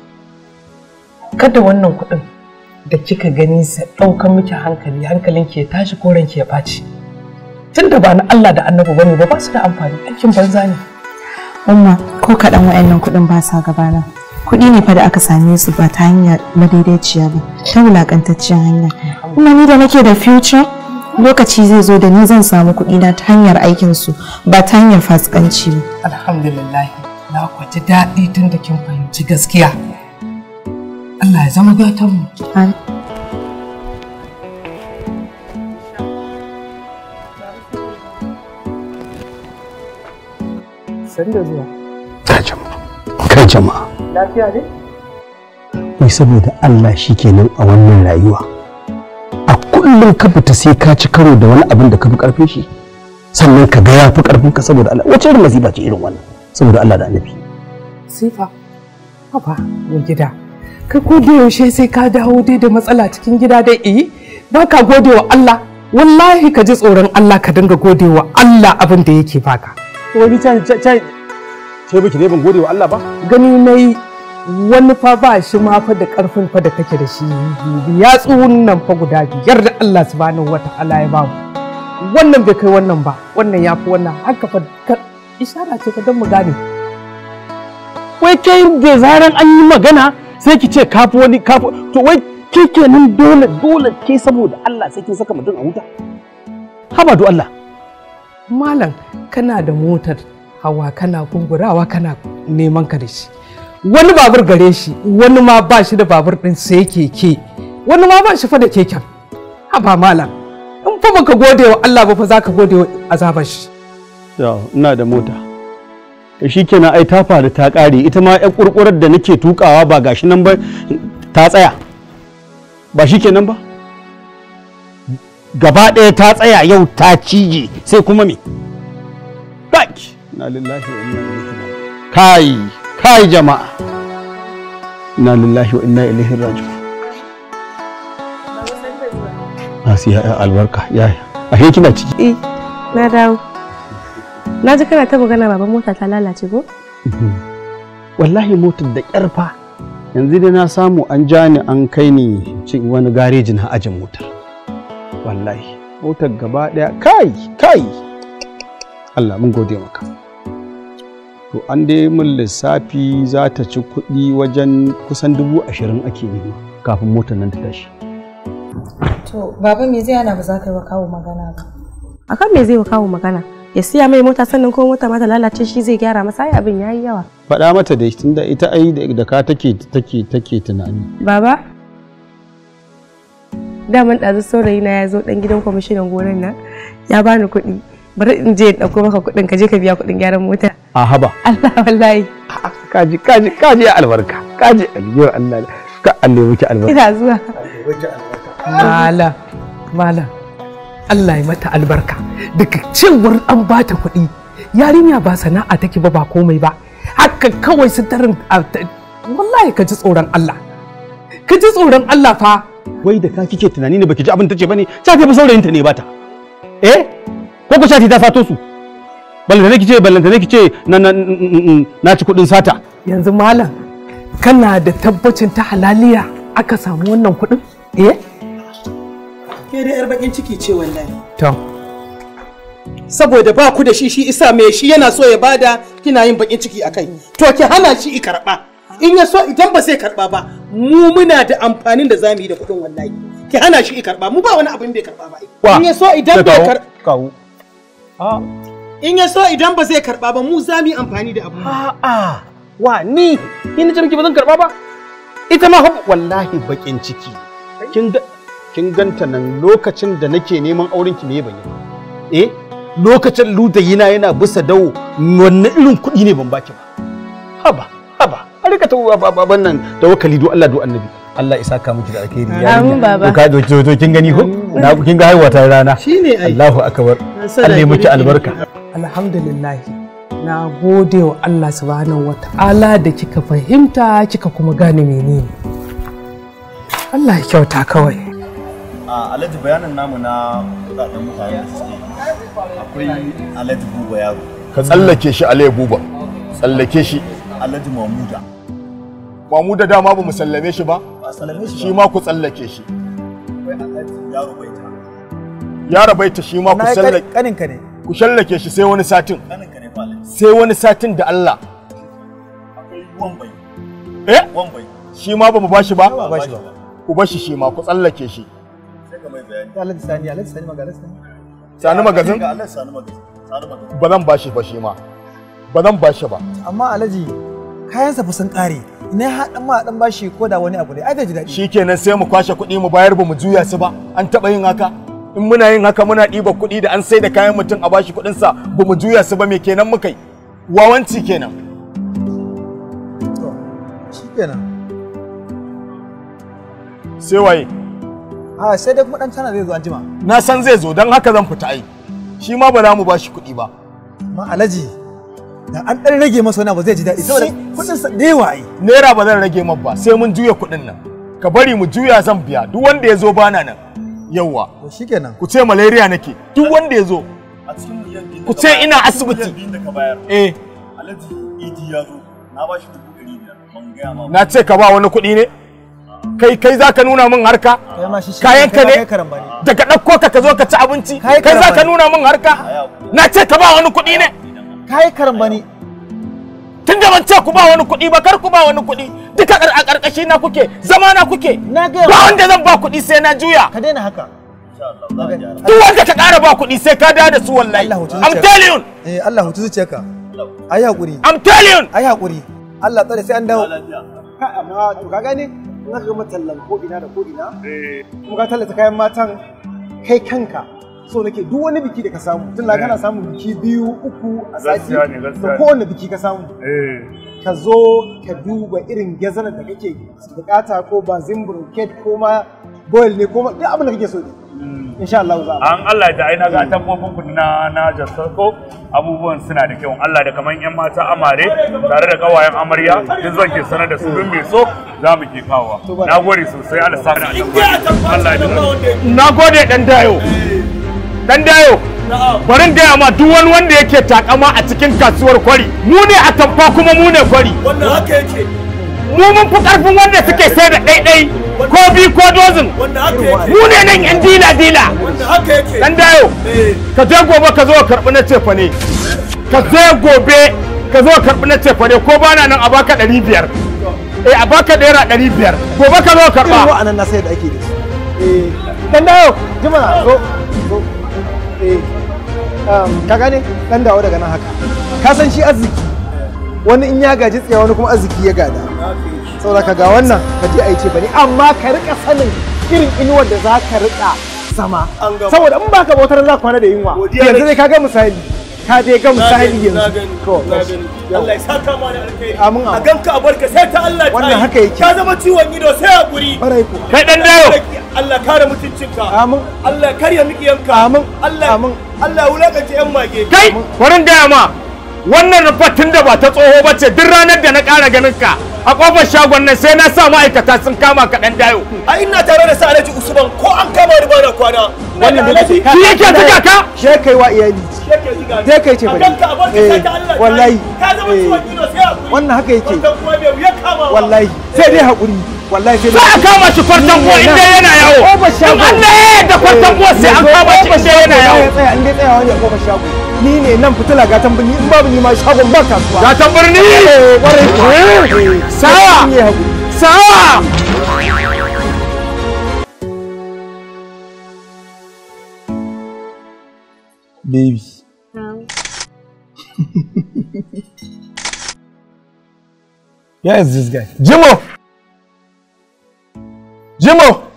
S2: kada wannan kuɗin da kika gani sa ɗaukan miki hankali hankalin ki ya tashi ko ranki ya ɓaci tunda ba na Allah da annabi bane ba ba su da amfani aikin banza ne umma ko kaɗan wa'annan kuɗin ba sa gabana kuɗi ne fa da aka same su ba ta hanya madaidaiciya ba ta wulaƙantacciyar hanya kuma ni da nake da future lokaci zai zo da ni zan samu kuɗi na ta hanyar aikin su ba ta hanyar fasikanci ba alhamdulillah na kwaji daɗi tun da kin fahimci gaskiya Allah ya zama gatan mu sani da zuwa
S1: ta jama'a kai jama'a lafiya wai saboda Allah shi kenan a wannan rayuwa a kullum ka fita sai ka
S2: ci karo da wani abin da ka fi karfin shi sannan ka ga ya fi karfin ka saboda Allah wace irin masifa ce irin wannan
S1: saboda Allah da annabi
S2: sifa haba mun gida kai ko da yaushe sai ka dawo dai da matsala cikin gida dai eh ba ka gode wa Allah wallahi ka ji tsoron Allah ka dinga gode wa Allah abin da yake baka to ni can can ce biki ne ban gode wa Allah ba gani nayi wani fa ba shi ma fa da karfin fa da kake da shi ya tsuhun nan fa guda biyar da Allah subhanahu wataala ya bamu wannan bai kai wannan ba wannan ya fi wannan haka fa isara ce ka don mu gane wai kai da zaran an yi magana sai ki ce kafi wani kafi to wai ke kenan dole dole ke saboda Allah sai kin saka mutum a wuta haba Allah malam kana da motar hawa kana gungurawa kana neman ka da shi wani babur gare shi wani ma ba shi da babur din sai keke wani ma ba shi fa da keken ha ba malam in fa baka gode wa Allah ba fa zaka gode wa azabar shi ina da mota eh, shi kenan ai ta faru ta kare ita ma ƴan ƙurƙurar da nake tukawa ba gashi nan ba ta tsaya ba shi kenan ba gaba ɗaya ta tsaya yau ta cije sai kuma me baki na lillahi wa inna ilaihi kai kai jama'a na lillahi wa inna ilaihi raji'un Asiya ya albarka A ashe kina ciki eh na dawo na ji kana ta magana baban mota ta lalace ko mhm. wallahi motar da ƙarfa yanzu da na samu an ja ni an kai ni wani garejin na ajin motar wallahi motar gaba daya kai kai Allah mun gode maka to an dai mun lissafi za ta ci kuɗi wajen kusan dubu ashirin
S1: ake nema kafin motar nan ta tashi
S2: to baba me zai yana ba za ka yi wa kawo magana ba akan me zai wa kawo magana ya siya mai mota sannan ko mota mata lalace shi zai gyara masa ai abin yayi yawa faɗa mata dai tunda ita ai da ka take take take tunani baba daman ɗazu saurayi na ya zo ɗan gidan kwamishinan gonan nan ya bani kuɗi bari in je ɗauko maka kuɗin ka je ka biya kuɗin gyaran mota. a haba. Allah wallahi. kaji kaji kaji ya albarka kaji aliyar Allah ka Allah wuce albarka. ina zuwa. mala mala Allah ya mata albarka daga cewar an bata kuɗi yarinya ba sana'a take ba ba komai ba haka kawai su tarin wallahi ka ji tsoron Allah ka ji tsoron Allah fa wai da ka kike tunani ne baki ji abin tace bane ta kai fa saurayin ta ne bata eh ko ku shati ta sato su ballanta ne kice ballanta ne kice na na na ci kudin sata yanzu malam kana da tabbacin ta halaliya aka samu wannan kudin eh ke da yar bakin ciki ce wallahi to saboda ba ku da shi shi isa mai shi yana so ya bada kina yin bakin ciki akai to ki hana shi i karba in ya so idan ba sai karba ba mu muna da amfanin da zamu yi da kudin wallahi ki hana shi i karba mu ba wani abin bai karba ba in ya so idan bai karba in ya so idan ba zai karba ba mu za mu yi amfani da abu a'a wa ni in ji miki ba zan karba ba ita ma wallahi bakin ciki kin kin ganta nan lokacin da nake neman auren ki me ban yi eh lokacin ludayina yana bisa dawo wanne irin kuɗi ne ban baki ba haba rika abin nan tawakkali do Allah do annabi Allah isa ka miki da alkhairi ya amin baba ka doki to kin gani ko na kin ga haihuwa ta rana shine ai Allahu akbar Allah ya miki albarka alhamdulillah na gode wa Allah subhanahu wata'ala da kika fahimta kika kuma gane menene Allah ya kyauta kawai
S1: a alhaji bayanin namu na
S2: kudaden mutane akwai alhaji buba yaro ka tsallake shi alhaji buba tsallake shi alhaji mamuda ba mu da dama ba mu sallame shi ba shi ma ku tsallake shi ya rabaita shi ma ku sallake ku sallake shi sai wani satin sai wani satin da Allah eh shi ma ba mu bashi ba ku bashi shi ma ku tsallake shi sani magazin ba zan bashi ba shi ma ba zan bashi ba amma alhaji kayansa fa sun kare ne haɗin ma ɗan bashi ko da wani abu ne ai da ji daɗi shikenan sai mu kwashe kuɗi mu bayar ba mu juya su ba an taɓa yin haka in muna yin haka muna ɗiba kuɗi da an sai da kayan mutum a bashi kuɗinsa ba mu juya su ba me kenan muka yi wawanci kenan shikenan sai waye a sai dai kuma ɗan tana zai zo an jima na san zai zo don haka zan fita ai shi ma ba za mu bashi kuɗi ba ma alaji da an ɗan rage masa na ba zai ji daɗi saboda kuɗin sa da yawa ai naira ba zan rage man ba sai mun juya kuɗin nan ka bari mu juya zan biya duk wanda ya zo bana nan yawa to shikenan ku ce malaria nake duk wanda ya zo ku ce ina asibiti eh alhaji idi ya zo na ba shi dubu ɗari biyar na ce ka ba wani kuɗi ne kai kai za nuna min harka kayan ka ne daga ɗauko ka ka zo ka ci abinci kai zaka nuna min harka na ce ka ba wani kuɗi ne kai karambani tun da ban ce ku ba wani kuɗi ba kar ku ba wani kuɗi duka a ƙarƙashi na kuke zama na kuke ba wanda zan ba kuɗi sai na juya ka daina haka duk wanda ka ƙara ba kuɗi sai ka da da su wallahi am telling eh Allah hutu ka. ayi hakuri am telling ayi hakuri Allah tsare sai an dawo ka amma to ka gane in aka ga matallan ko ina da ko ina eh. kuma ka tallata kayan matan kai kanka so nake duk wani biki da ka samu tun da kana samun biki biyu uku a sati da kowane biki ka samu eh. ka zo ka duba irin gazanar da kake bukata ko ba zimbro kate ko ma boil ne ko ma duk abin da kake so ne hmm. insha Allah za an Allah da aina ga hmm. tabbobin ku na na ko abubuwan suna da kyau Allah da kaman yan mata amare tare da kawayen amarya duk zan ke sanar da su bin so za mu ke kawo nagode sosai Allah sa Allah ya nagode dan dayo Dan dayo. Bari gaya ma duk wani wanda yake takama a cikin kasuwar kwari. Mu ne a tamfa kuma mu ne kwari. Wannan haka yake. Mu mun fi karfin wanda suke sai da ɗaiɗai ko bi ko dozin. Mu ne nan yan dila dila. Dan dayo. Eh. Ka je gobe ka zo karɓi na cefa ne. Ka je gobe ka zo karɓi na cefa ne ko bana nan a baka ɗari biyar. Eh a baka naira ɗari biyar. Gobe ka zo karɓa. Irin wa'annan na sai da ake da su. Eh. Dan dayo. Jima zo. Eh, um, ka gane dan dawo daga nan haka ka san shi arziki wani in ya gaji tsaye wani kuma arziki ya gada saboda ka ga wannan ka je a ce bane amma ka rika sanin irin inuwar da za ka rika sama saboda in baka bautar za kwana da yunwa yanzu dai ka ga misali ka dai ga misali yanzu ko Allah ya saka ma da alkhairi amin a ganka a barka sai ta Allah ta wannan haka yake ka zama ciwon ido sai hakuri barai ku kai dan dayo Allah kare mutuncinka amin Allah karya mikiyanka amin Allah amin Allah wulakanta yan mage kai warin dama ma wannan rufar tun da ba ta tsoho ba ce duk ranar da na ƙara ganin ka a ƙofar shagon nan sai na sa ma'aikata sun kama ka ɗan dayo. a ina tare da alhaji usman ko an kama riba bana kwana. wannan da kace shi yake tuka ka. shi kai wa iyali. zai kai ce bari. Eh, wallahi. Eh, wannan haka yake. wallahi sai dai haƙuri. wallahi sai dai. a kama shi kwartan ko inda yana yawo. in Allah ya yarda kwartan ko sai an eh, kama shi inda yana yawo. tsaya in dai tsaya ne a ƙofar shago. ni ne nan fitila gatan birni in babu ni ma shagon ba kasuwa gatan birni kwarai eh, eh, sawa sawa baby Where is this guy? Jimo! Jimo!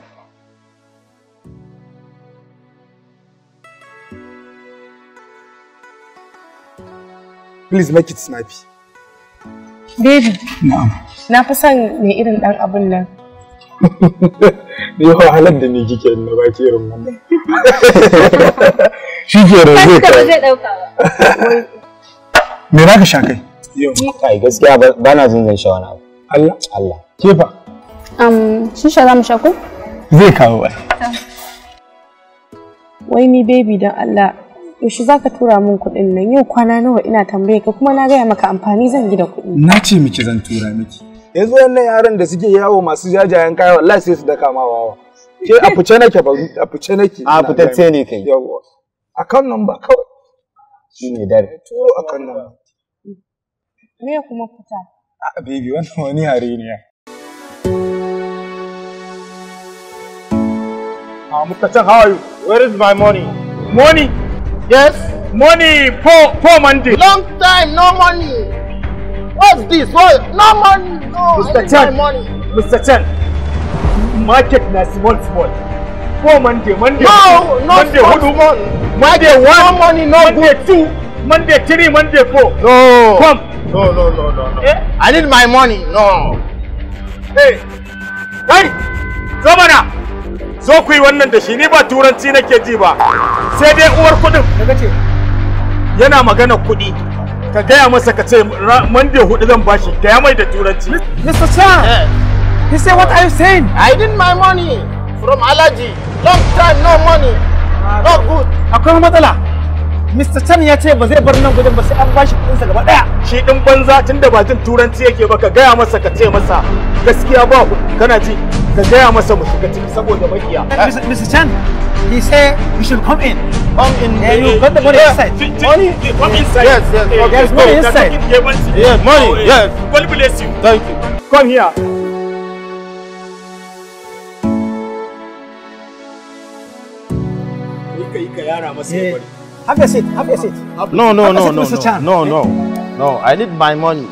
S2: please make it snappy David. Na'am. Na fi son me irin dan abun nan.
S1: Ni ho halar da ni kike na ba ki irin wannan. Shi ke da zai ka zai ɗauka ba. Me za ka sha kai? Yau. Kai gaskiya ba na jin zan sha wani abu. Allah. Allah. Ke fa? Um, shi sha zamu mu sha ko? Zai kawo ba. Wai ni
S2: baby dan Allah yaushe za ka tura min kuɗin nan yau kwana nawa ina tambaye ka kuma na gaya maka amfani zan gida kuɗi. Na ce miki zan tura miki. Yanzu wannan yaran da suke yawo masu jajayen kaya wallahi sai su daka ma wawa. Ke a fice nake ba a fice nake. A fitacce ne kai. Yawwa. Akan nan ba kawai. Shi ne dare. Turo akan nan. Me kuma fita? A baby wannan wani yare ne ya. Ah, Mukachan, how are you? Where is my money? Money? Yes? Money, poor, poor Monday. Long time, no money. What's this? What? No money, no. Mr. Chen, money. Mr. Chen, market na small, small. Poor Monday, Monday. No, no Monday, small, small. Monday one, no money, no Monday good. two, Monday three, Monday four. No. Come. No, no, no, no, no. Eh? I need my money, no. Hey, hey, governor. zo ku yi wannan da shi ni ba turanci nake ji ba sai dai uwar kuɗin yana magana kuɗi ka gaya masa ka ce monday hudu zan bashi gaya mai da turanci mr sir eh. he said what are you saying i need my money from alaji long time no money no good akwai matsala Mr. Chan ya ce ba zai bar nan gudun ba sai an bashi kuɗinsa gaba daya. Shi ɗin banza tun da ba jin turanci yake ba ka gaya masa ka ce masa gaskiya ba kana ji ka gaya masa mu shiga ciki saboda makiya. Mr. Chan, he say we should come in. Come in. Yeah, you got the money inside. Money? Come inside. Yes, yes. Okay. There's money inside. Yes, money. Yes. God bless you. Thank you. Come here. Have a seat. Have a seat. No, no, no, no, no, no, no. I need my money.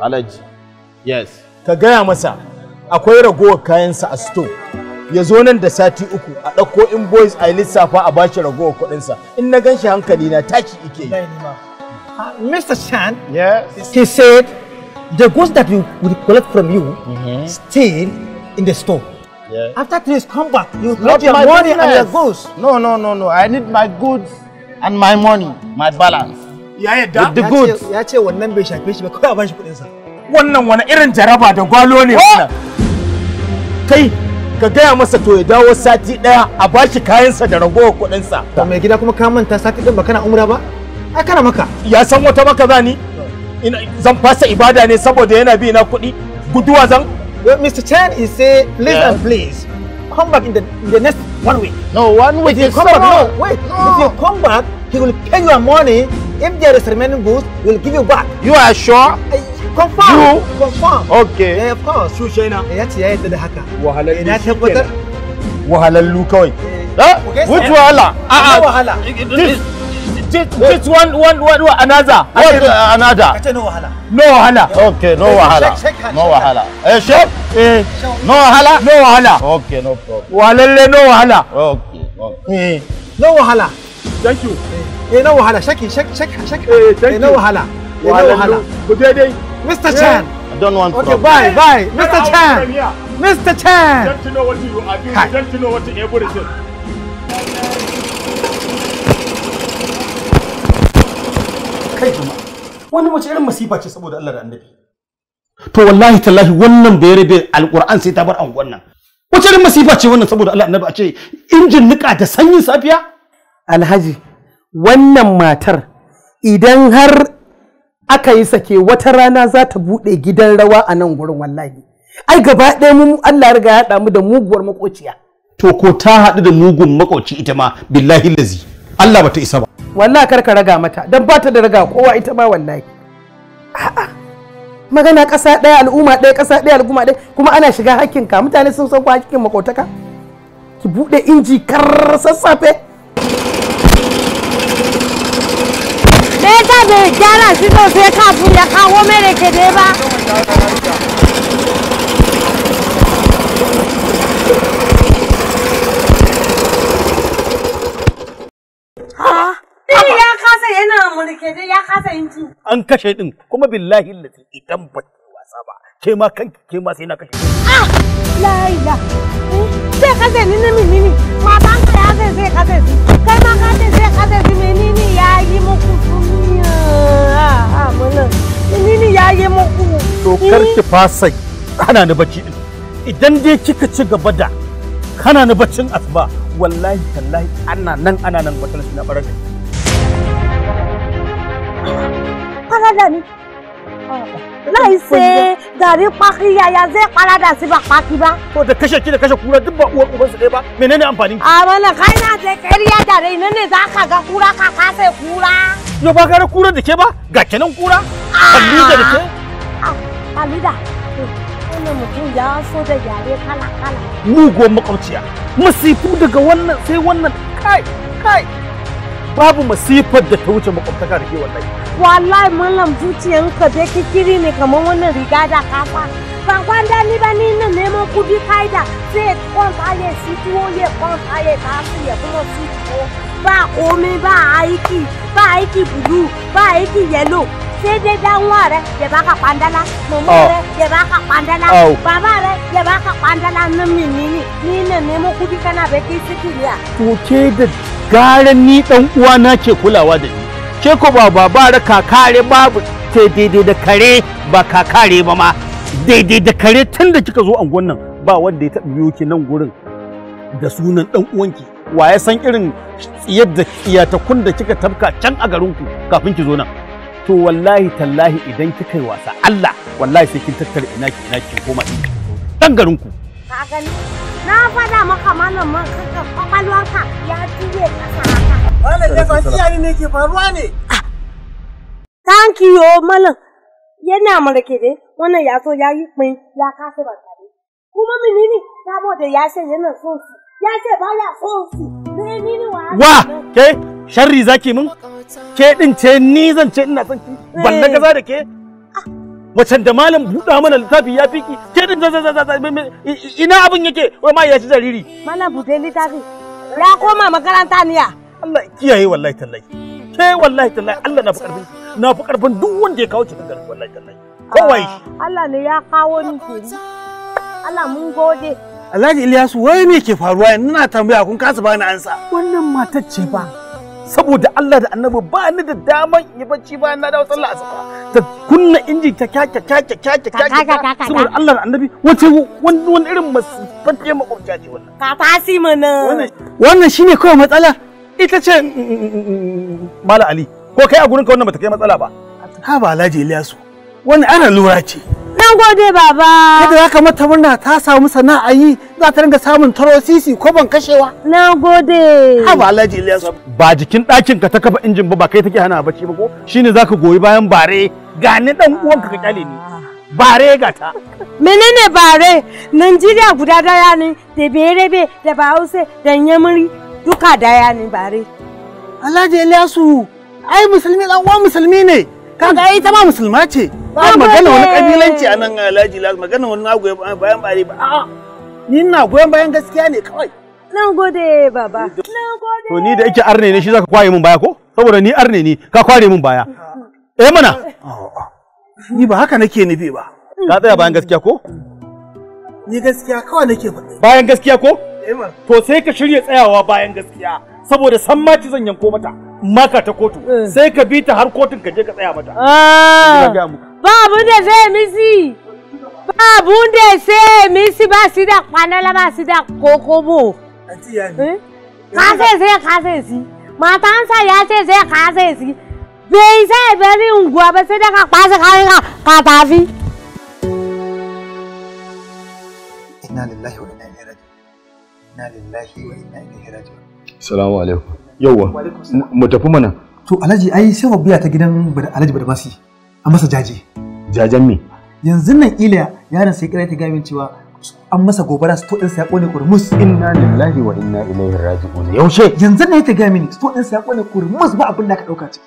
S2: Allergy. Yes. Ka gaya masa. akwai ragowar kayansa a store ya zo nan da sati uku a ɗauko in boys a lissafa a bashi ragowar kuɗinsa in na gan shi hankali na tashi ike yi. Mr. Ah, Chan, yes. he said the goods that we will collect from you mm stay in the store. Yeah. After three come back. You got your money business. and your goods. No, no, no, no. I need my goods and my money, my balance. Ya yadda? The goods. Ya ce wannan bai shafe shi ba, kawai a bashi kuɗinsa. wannan wani irin jaraba da gwalo ne wannan oh! kai ka gaya masa to ya dawo sati daya a bashi kayansa da ragowar kudinsa. to mai gida kuma ka manta sati din baka na umra ba ai kana maka ya san wata maka zani zan fasa ibada ne saboda yana bi na kuɗi guduwa zan Mr. Chan is say listen yeah. and please come back in the, in the next one week. No, one week. If you come so back, no, wait. No. If you come back, he will pay your money. If there is remaining goods, he will give you back. You are sure? I, confirm you confirm okay eh of course su shaina eh, ya ce ya yadda da haka wahalallu eh, na tabbatar eh, which wahala a ah, a ah. ah, wahala just one one one another what uh, another no wahala
S1: no wahala okay no wahala no wahala
S2: eh shek eh no wahala no wahala okay no problem walalle no wahala okay okay no wahala thank you eh no wahala shaki shaki shaki eh thank you eh no wahala wahala Mr. Chan. I don't want okay, problems. Okay, bye, bye. Mr. Chan. Mr. Chan. You to know what you are doing. You don't know what everything. Kai jama'a. Wani wace irin masifa ce saboda Allah da Annabi? To wallahi tallahi wannan bai rabe Alƙur'an sai ta bar anguwan nan. Wace irin masifa ce wannan saboda Allah Annabi a ce injin nika da sanyin safiya? Alhaji, wannan matar idan har aka yi sake wata rana za ta buɗe gidan rawa a nan gurin wallahi ai gaba ɗaya mu Allah ya riga ya haɗa mu da muguwar makociya to ko ta haɗu da mugun makoci ita ma billahi lazi Allah bata isa ba wallahi kar ka raga mata dan ba ta da raga kowa ita ma wallahi a'a magana ƙasa ɗaya al'umma ɗaya ƙasa ɗaya al'umma ɗaya kuma ana shiga hakkinka mutane sun san ko hakkin makotaka ki buɗe inji kar sassafe me bai gyara shi sosai kafin ya kawo mai ba An kashe din kuma billahi lati idan ba wasa ba ke ma kanki ke ma sai na kashe. Ah! La ila. Sai eh, ni ni ni ni. ya zai zai kaze. Kai ma kaze zai kaze ni ni ya yi muku. a mana ni ne yayi muku to ki fasa hana ni bacci idan dai kika ci gaba da hana ni baccin asuba wallahi tallahi ana nan ana nan wata na barar da ni. Lai sai gari kwaki yaya zai kwara da su ba kwaki ba. Ko da kashe ki da kashe kura duk ba uwar uban su kai ba. Menene amfani? A mana kai na sai ƙarya da rai nan ne za ka ga kura ka kasa kura. Yo ba gara kura da ke ba? Ga kenan kura? Kalida da ke? Kalida. Wannan mutum ya so da yare kala kala. Muguwar makwabciya. Masifu daga wannan sai wannan kai kai. babu masifar da ta wuce makwabtaka da ke wallahi wallahi mallam zuciyanka dai kikiri ne kamar wannan riga da kafa bakwanda libanini ba sekonkaye sitiwo yekonkaye tasu yekumositiwo bakomi bahaiki bahaiki bulu bahaiki yelo sededanwa rẹ yẹba ka pandala mọmọ ka ka ni bɛ da ni dan uwana kakare babu daidai da kare ba kakare ba ma daidai da kare tun da kika zo anguwan nan ba wanda ya taɓa biyo ki nan gurin da sunan ɗan uwanki wa ya san irin yadda iyatakun da kika tafka can a garinku kafin ki zo nan to wallahi tallahi idan kika yi wasa Allah wallahi sai kin tattara ina ki ina ki koma ɗan garinku. Ka gani na faɗa maka malam man kaka kwakwalwarka ya juye ƙasa haka. Malam ya ba ne ke faruwa ne. Ah! Thank you malam yana marke dai. wannan ya zo ya yi kwai ya ba tare. kuma menene saboda ya ce yana son su ya ce ba ya son su sai ni ne wa ke sharri zaki min ke din ce ni zan ce ina son ki ban na gaza da ke wacan da malam buɗa mana littafi ya fiki ke din za za za ina abin yake wai ma ya ci jariri malam buɗe littafi ya koma makaranta niya Allah kiyaye wallahi tallahi ke wallahi tallahi Allah na fi karfin na fi karfin duk wanda ya kawo cikin garkuwar wallahi tallahi kawai ah, Allah ne ya kawo ni kenan Allah mun gode Alhaji Ilyasu wai me ke faruwa na tambaya kun kasa bani ansa wannan matar ce ba saboda Allah da Annabi ba ni da daman in yi bacci ba na dawo sallah asuba ta kunna inji ta kake kake kake kake saboda Allah da Annabi wace wani wani irin masifaffe makwabta ce wannan ka tasi mana wannan shine kawai matsala ita ce mm, mm, mm, Mala Ali ko kai a gurin ka wannan bata kai matsala ba ha ba Alhaji Ilyasu wani ana lura ce na gode baba kada za ka mata murna ta samu sana'a yi za ta ringa samun taro sisi ko ban kashewa na gode ba alhaji ilyas ba jikin ɗakin ka ta kafa injin ba ba kai take hana bacci ba ko shine za ka goyi bayan bare ga ni dan uwanka ka kyale ni bare ga ta menene bare najeriya guda daya ne da berebe da bahause da yamuri duka daya ne bare alhaji ilyasu ai musulmi dan uwan musulmi ne kaga ai ta ma musulma ce ba magana wani kabilanci a nan alhaji lal magana wani nagoye bayan bare ba a'a ni ina goyon bayan gaskiya ne kawai nan gode baba nan gode to ni da yake arne ne shi zaka kwaye min baya ko saboda ni arne ne ka kware min baya eh mana ni ba haka nake nufi ba ka tsaya bayan gaskiya ko ni gaskiya kawai nake faɗi bayan gaskiya ko eh to sai ka shirya tsayawa bayan gaskiya saboda san maci zan yanko mata maka ta kotu eh. sai ka bi ta har kotun ka je ka tsaya mata ah. ba abun da zai misi ba abun da sai misi ba su da kwanala ba su da kokobo ka sai sai ka sai si matansa ya ce sai ka sai si bai sai bari unguwa ba sai da ka kwasa ka ka tafi inna lillahi wa inna ilaihi raji'un inna lillahi wa inna ilaihi raji'un Salamu alaikum. Yawwa. Mu tafi mana. To Alhaji ai sai mu biya ta gidan Alhaji Badamasi. A masa jaje. Jajen me? Yanzu nan Iliya yaron sai kira ta gamin cewa an masa gobara su din sako ne kurmus inna lillahi wa inna ilaihi raji'un yaushe yanzu ya ta ga mini su din sako ne kurmus ba abin da ka dauka ce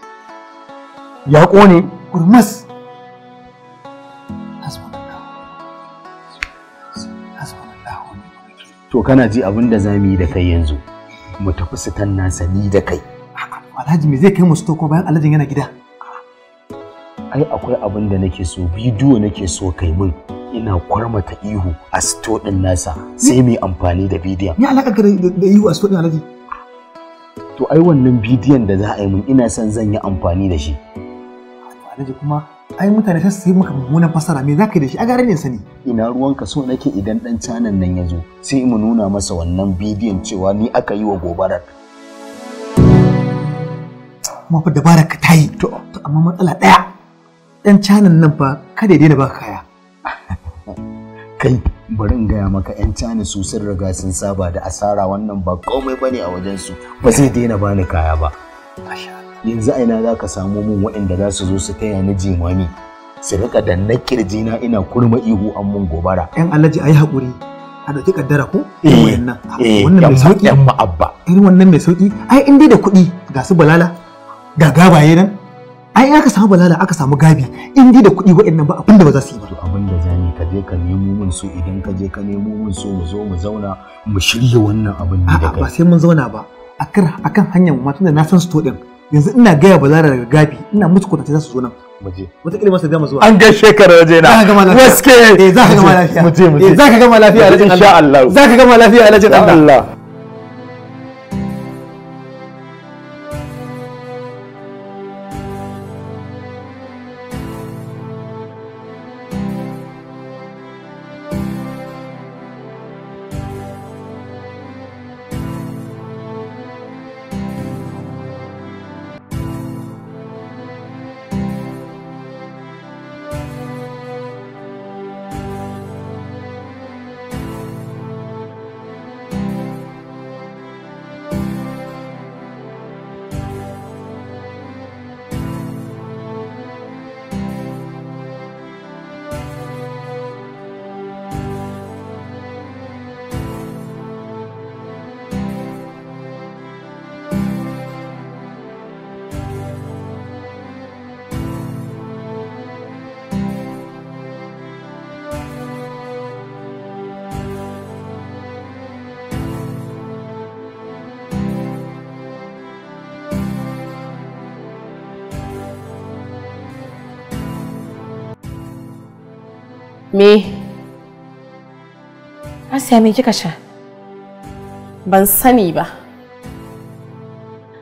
S2: ya kone kurmus to kana ji abin da zamu yi da kai yanzu mu tafi sitan nasa ni da kai alhaji me zai kai mu sito ko bayan alhajin yana gida
S1: ai akwai abin da nake so bidiyo nake so kai mun ina kwarmata ihu a sito din nasa sai mai amfani da bidiyon
S2: ya alaka da ihu a sito din alhaji to ai wannan bidiyon da za a yi mun ina son zan yi amfani da shi alhaji kuma ai mutane sai su yi maka mummunan fasara me zaka da shi a garin ne sani ina ruwanka so nake idan dan canan nan ya zo sai mu nuna masa wannan bidiyon cewa ni aka yi wa gobarar kuma fa dabara ka tayi to amma matsala daya dan canan nan fa kada ya daina baka kaya
S1: kai bari in gaya maka yan cani su sun riga sun saba da asara wannan ba komai bane a wajensu ba zai daina bani kaya ba masha yanzu a ina za ka samu mun waɗanda za su zo su taya ni jimami
S2: su rika da na kirji na ina kurma ihu an mun gobara yan alhaji ayi haƙuri a ɗauki kaddara ko eh, ah, eh, wannan mai yan ma'abba irin wannan mai sauki ai in dai da kuɗi ga su balala ga gabaye nan ai aka samu balala aka samu gabi in dai da kuɗi waɗannan ba abinda ba za su yi ba to abin da za ni ka je ka nemo mun su idan ka je ka nemo mun su mu zo mu zauna mu shirya wannan abin da kai ba sai mun zauna ba akan hanyar ma da na san su to din yanzu ina gaya ba zara daga gafi, ina musu kwatance za su zo nan muje wataƙila masu gama zuwa an ga shekarar waje na waske za ka gama lafiya za ka gama lafiya alhajin Allah za ka gama lafiya alhajin Allah Me? Asiya me kika sha? Ban sani ba.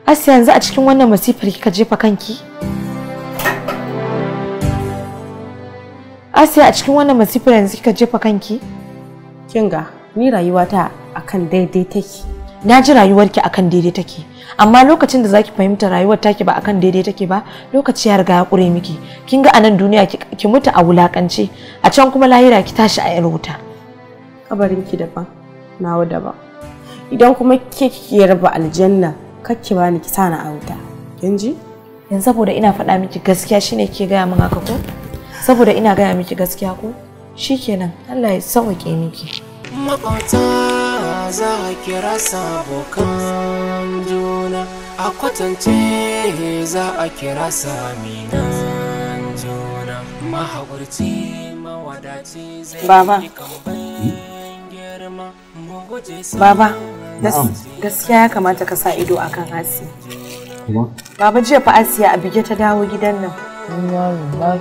S2: Asiya yanzu a cikin wannan masifar kika jefa kanki? Asiya a cikin wannan masifar yanzu kika jefa kanki? Kinga, ni rayuwata akan daidai take. Na ji rayuwarki akan daidai take. amma lokacin da zaki fahimta rayuwar taki ba akan daidai take ba lokaci ya riga ya kure miki kin ga anan duniya ki mutu a wulakance a can kuma lahira ki tashi a yar wuta kabarin ki daban nawa daban idan kuma ke kike yarba aljanna kakki bani ki sana a wuta kin ji yanzu saboda ina faɗa miki gaskiya shine ke gaya min haka ko saboda ina gaya miki gaskiya ko shikenan Allah ya sauke miki
S1: Makota za a kira sabokan juna a kwatance za a kira saminan juna mahaurci mawadaci zai baba
S2: baba gaskiya ya kamata ka sa ido akan hasi baba jiya fa asiya a bige ta dawo gidan nan kuma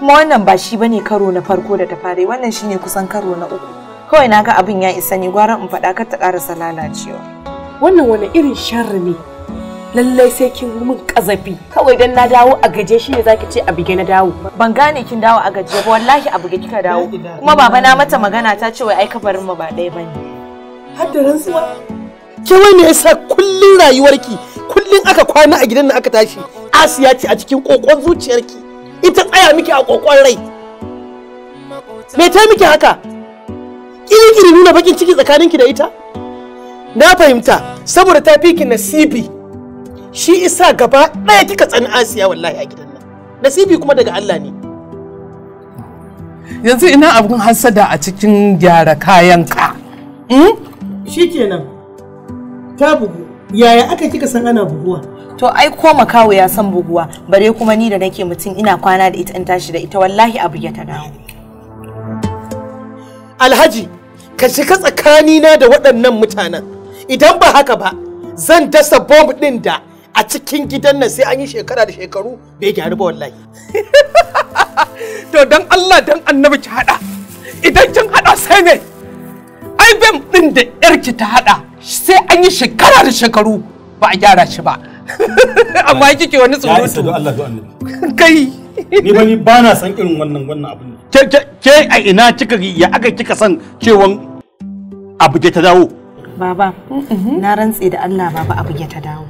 S2: wannan ba shi bane karo na farko da ta fare, wannan shine kusan karo na uku kawai na ga abin ya isa ne gwara in faɗa kar ta ƙarasa lalacewa wannan wani irin sharri ne lallai sai kin min kazafi kawai dan na dawo a gaje shine zaki ce a bige na dawo ban gane kin dawo a gaje ba wallahi a buge kika dawo kuma baba na mata magana ta ce wai ai kafarin mu ba ɗaya bane har da rantsuwa ke wai me yasa kullun rayuwarki kullun aka kwana a gidan nan aka tashi asiya ce a cikin kokon zuciyarki ita tsaya miki a kokon rai me ta miki haka kirkiri nuna bakin ciki tsakaninki da ita na fahimta saboda ta fi ki nasibi shi isa gaba ɗaya kika tsani asiya wallahi a gidan nan nasibi kuma daga Allah ne yanzu ina abin hasada a cikin gyara kayanka hmm? shikenan ta bugu yaya aka kika san ana buguwa to ai ko makawo ya san buguwa bare kuma ni da nake mutum ina kwana da ita in tashi da ita wallahi abu ya ta dawo alhaji ka shiga tsakanina da waɗannan mutanen idan ba haka ba zan dasa bomb ɗin da a cikin gidan nan sai an yi shekara da shekaru bai gyaru ba wallahi to dan Allah dan annabi ki hada idan kin hada sai ne ai bomb ɗin da yarki ta hada sai an yi shekara da shekaru ba a gyara shi ba amma kike wani tsoro to Allah kai ni ba ni ba na san irin wannan wannan abin ke a ina kika ya aka kika san cewon abu ta dawo baba mhm. na rantse da Allah baba abu ta dawo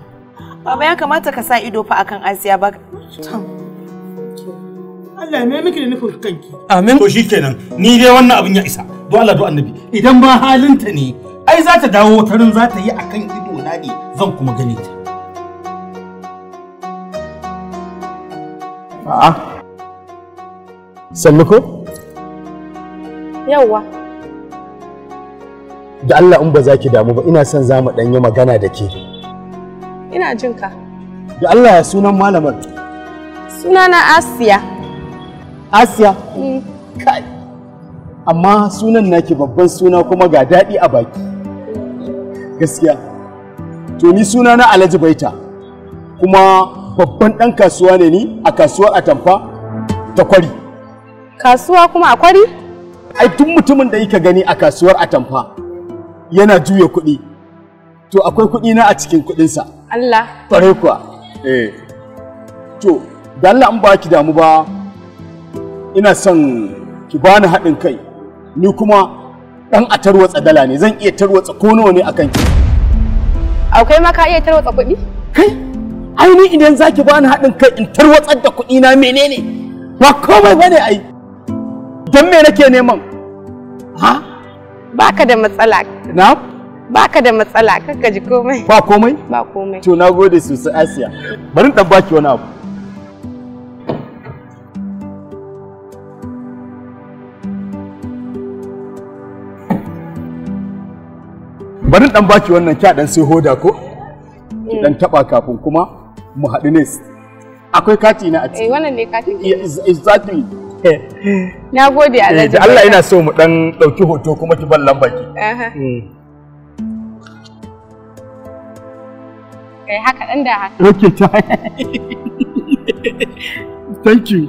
S2: baba ya kamata ka sa ido fa akan Asiya ba Allah ne miki da nufin kanki amin to shikenan ni dai wannan abin ya isa do Allah do annabi idan ba halinta ne ai za ta dawo tarin za ta yi akan ido na ne zan kuma gane ta a'a sannu ko Yawwa. Da Allah in ba za ki damu ba ina son za mu ɗan magana da ke. Ina jin ka. Da Allah ya sunan malamar. Sunana Asiya. Asiya? Mm. Kai. Amma sunan naki babban suna kuma ga daɗi a baki. Gaskiya. To ni suna na Alhaji Baita kuma babban ɗan kasuwa ne ni a kasuwar Atamfa ta Kwari. Kasuwa kuma a Kwari? ai duk mutumin da yake gani a kasuwar atamfa yana juya kuɗi to akwai kuɗi na a cikin kuɗinsa Allah Tare kuwa eh to da Allah an ba damu ba ina son ki bani haɗin kai ni kuma ɗan a tarwatsa dala ne zan iya tarwatsa ko nawa ne akan ki akwai ma ka iya tarwatsa kuɗi kai ai ni idan zaki bani haɗin kai in tarwatsar da kuɗi na menene ba komai bane ai don me nake neman ha baka da matsala na baka da matsala kaka ji komai ba komai ba komai to na gode sosai asiya bari dan baki wani abu bari dan baki wannan kya dan sai hoda ko
S1: hmm. ki dan
S2: taba kafin kuma mu haɗu ne akwai kati na
S1: a ciki eh wannan ne kati. exactly na gode eh, a Da Allah yana
S2: so mu dan dauki hoto kuma ki ban lambaki mm. kai haka ɗan da haka Ok, ta. thank you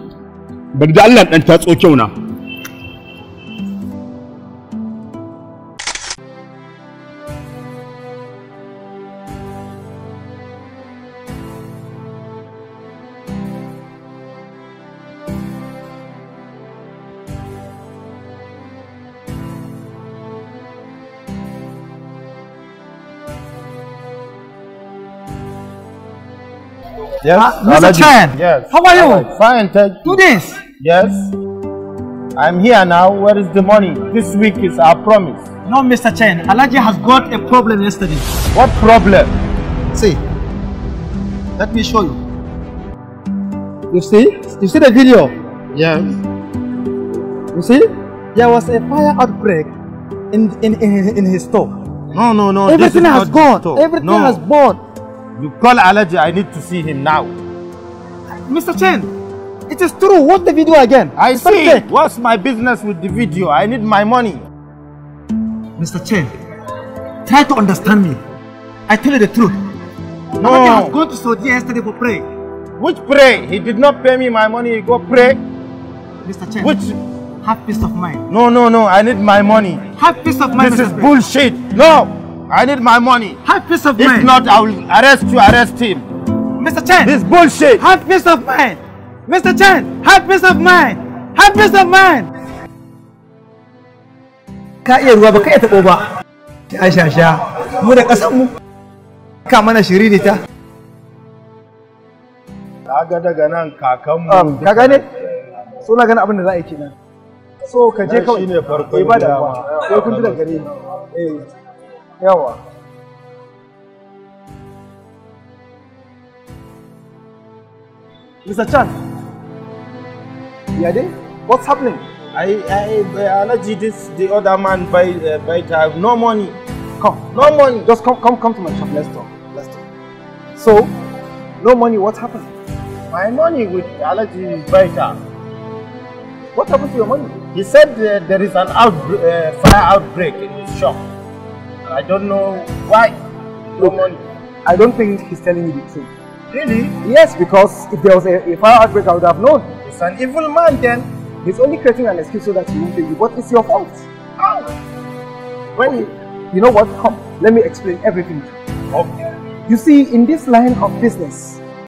S2: bari da Allah ɗan ta tso kyau na Yes. Uh, Mr. Chen. Yes. How are you? Right. Fine, thank you. Do this. Yes. I'm here now. Where is the money? This week is our promise. No, Mr. Chen. Alaji has got a problem yesterday. What problem? See. Let me show you. You see? You see the video? Yes. You see? There was a fire outbreak in in in, in his store. No, no, no. Everything has gone. Everything no. has burned. You call Alaji, I need to see him now. Mr. Chen, it is true. Watch the video again. I it's see. Perfect. What's my business with the video? I need my money. Mr. Chen, try to understand me. I tell you the truth. No. I was going to Saudi yesterday for pray. Which pray? He did not pay me my money. He go pray. Mr. Chen. Which? Have peace of mind. No, no, no. I need my money. Have peace of mind. This Mr. is bullshit. No. I need my money. Have peace of if mind. If not, I will arrest you, arrest him. Mr. Chen. This bullshit. Have peace of mind. Mr. Chen, have peace of mind. Have peace of mind. Ka iya ruwa ba ka iya taɓo ba. Sha sha sha. Mu da ƙasar mu. Ka mana shiri ne ta. Kaga daga nan kakanmu. Um, ka gane? So na abin da za a yi kenan. So ka je kawai. Shi ne farko. Ibada ba. Sai kun yawa Mr. Chan, Yade, what's happening? I I allergy this the other man by uh, by time. No money. Come, no money. Just come come come to my shop. Let's talk. Let's talk. So, no money. What happened? My money with allergy is by time. What happened to your money? He said uh, there is an out uh, fire outbreak in his shop. I don't know why. No money. I don't think he's telling you the truth. Really? Yes, because if there was a, a fire outbreak, I would have known. It's an evil man then. He's only creating an excuse so that he won't pay you, but it's your fault. How? When okay. you... know what? Come, let me explain everything. Okay. You see, in this line of business,